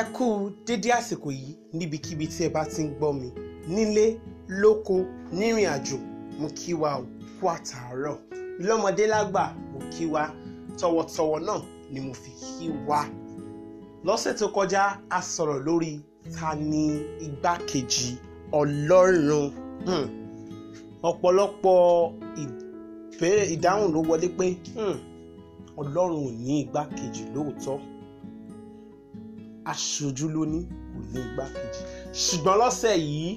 ẹ kú dédé àsìkò yìí níbikíbi tí ẹ bá ti ń gbọ́ mi nílé lóko nírìn àjò mo kí wa ò kú àtàárọ̀ lọ́mọdé lágbà mo kí wa tọwọ́tọwọ́ náà ni mo fi kí wa. lọ́sẹ̀ tó kọjá a sọ̀rọ̀ lórí ta ni igbákejì ọlọ́run hmm. ọ̀pọ̀lọpọ̀ ìdáhùn ló wọlé pé hmm, ọlọ́run ò ní igbákejì lóòótọ́ aṣojú lóní kò ní igbákejì ṣùgbọ́n lọ́sẹ̀ yìí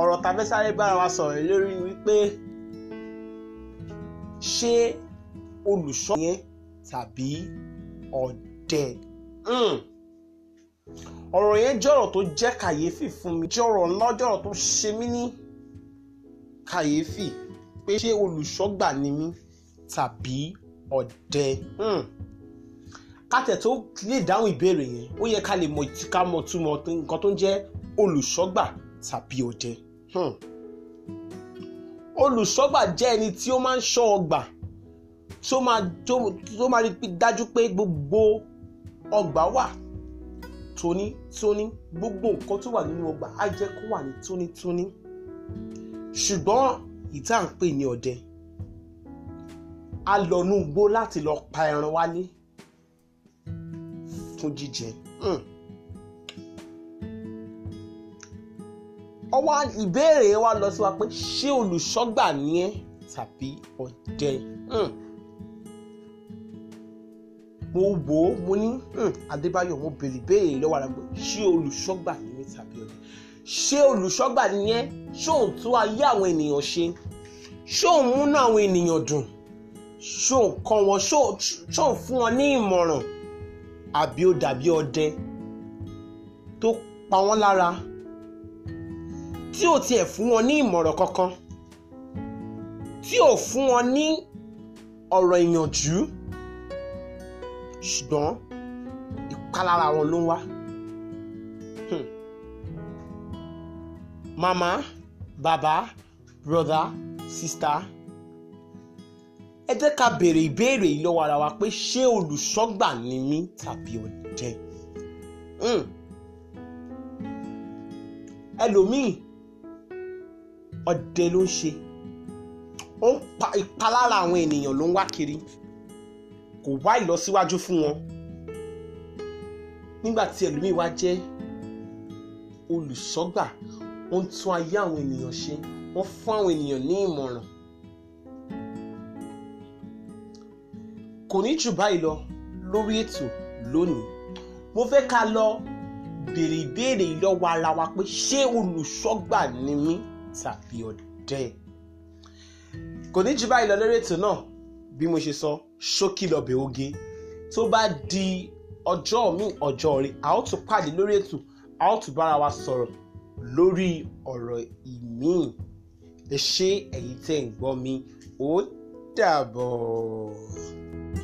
ọ̀rọ̀ tá fẹ́ sáré bára wa sọ̀rọ̀ lórí wípé ṣé olùṣọ́ yẹn tàbí ọ̀dẹ̀ hmm. ọ̀rọ̀ yẹn jọ̀rọ̀ tó jẹ́ kàyéfì fún mi jọ̀rọ̀ ńlá jọ̀rọ̀ tó ṣe mí ní kàyéfì pé ṣé olùṣọ́ gbà ni mí tàbí ọ̀dẹ̀. Mm kátẹ̀ tó lè dáhùn ìbéèrè yẹn ó yẹ ká lè mọ ká mọ túmọ̀ nǹkan tó ń jẹ́ olùṣọ́gbà tàbí ọdẹ. Hmm. olùṣọ́gbà jẹ́ ẹni tí ó máa ń ṣọ́ ọgbà tó máa tó máa rí dájú pé gbogbo ọgbà wà tónítóní gbogbo nǹkan tó wà nínú ọgbà á jẹ́ kó wà ní tónítóní ṣùgbọ́n ìta pè ní ọdẹ a lọ nú igbó láti lọ pa ẹran wálé fún jíjẹ. Hmm. ọwọ́ ìbéèrè wa lọ sí wa pé ṣé olùṣọ́gbà ni ẹ́ tàbí ọdẹ. Hmm. mo wò ó mo ní hmm, Adébáyọ̀ mo bèrè béèrè lọ́wọ́ ara pé ṣé olùṣọ́gbà ni ẹ́ tàbí ọdẹ. ṣé olùṣọ́gbà ni ẹ́ ṣé òun tún ayé àwọn ènìyàn ṣe ṣé òun múnú àwọn ènìyàn dùn ṣé òun kọ́ wọn ṣé òun fún wọn ní ìmọ̀ràn àbí ó dàbí ọdẹ tó pa wọ́n lára tí ò tiẹ̀ fún wọn ní ìmọ̀ràn kankan tí ò fún wọn ní ọ̀rọ̀ ìyànjú ṣùgbọ́n ìpalára wọn ló ń wá. Mama, baba, brother, sister ẹ jẹ́ ká béèrè ìbéèrè yìí lọ́wọ́ ara wa pé ṣé olùṣọ́gbà ni mí tàbí ọ̀dẹ̀ hmm. ẹlòmíì ọ̀dẹ̀ ló ń ṣe ó ń pa ìpalára àwọn ènìyàn ló ń wá kiri kò wá ìlọsíwájú fún wọn nígbà tí ẹlòmíì wá jẹ́ olùṣọ́gbà ó ń tún ayé àwọn ènìyàn ṣe wọ́n fún àwọn ènìyàn ní ìmọ̀ràn kò ní jù báyìí lọ lórí ètò lónìí mo fẹ́ ká lọ béèrè ìbéèrè lọ́wọ́ ara wa pé ṣé olùṣọ́gbà ni mí tàbí ọdẹ kò ní jù báyìí lọ lórí ètò náà bí mo ṣe sọ ṣókí lọ́bẹ̀ oge tó bá di ọjọ́ mi ọjọ́ rẹ̀ a ó tún pàdé lórí ètò a ó tún bára wa sọ̀rọ̀ lórí ọ̀rọ̀ ìmíì ẹ ṣé ẹ̀yin tẹ́ ń gbọ́ mi ó dàbọ̀.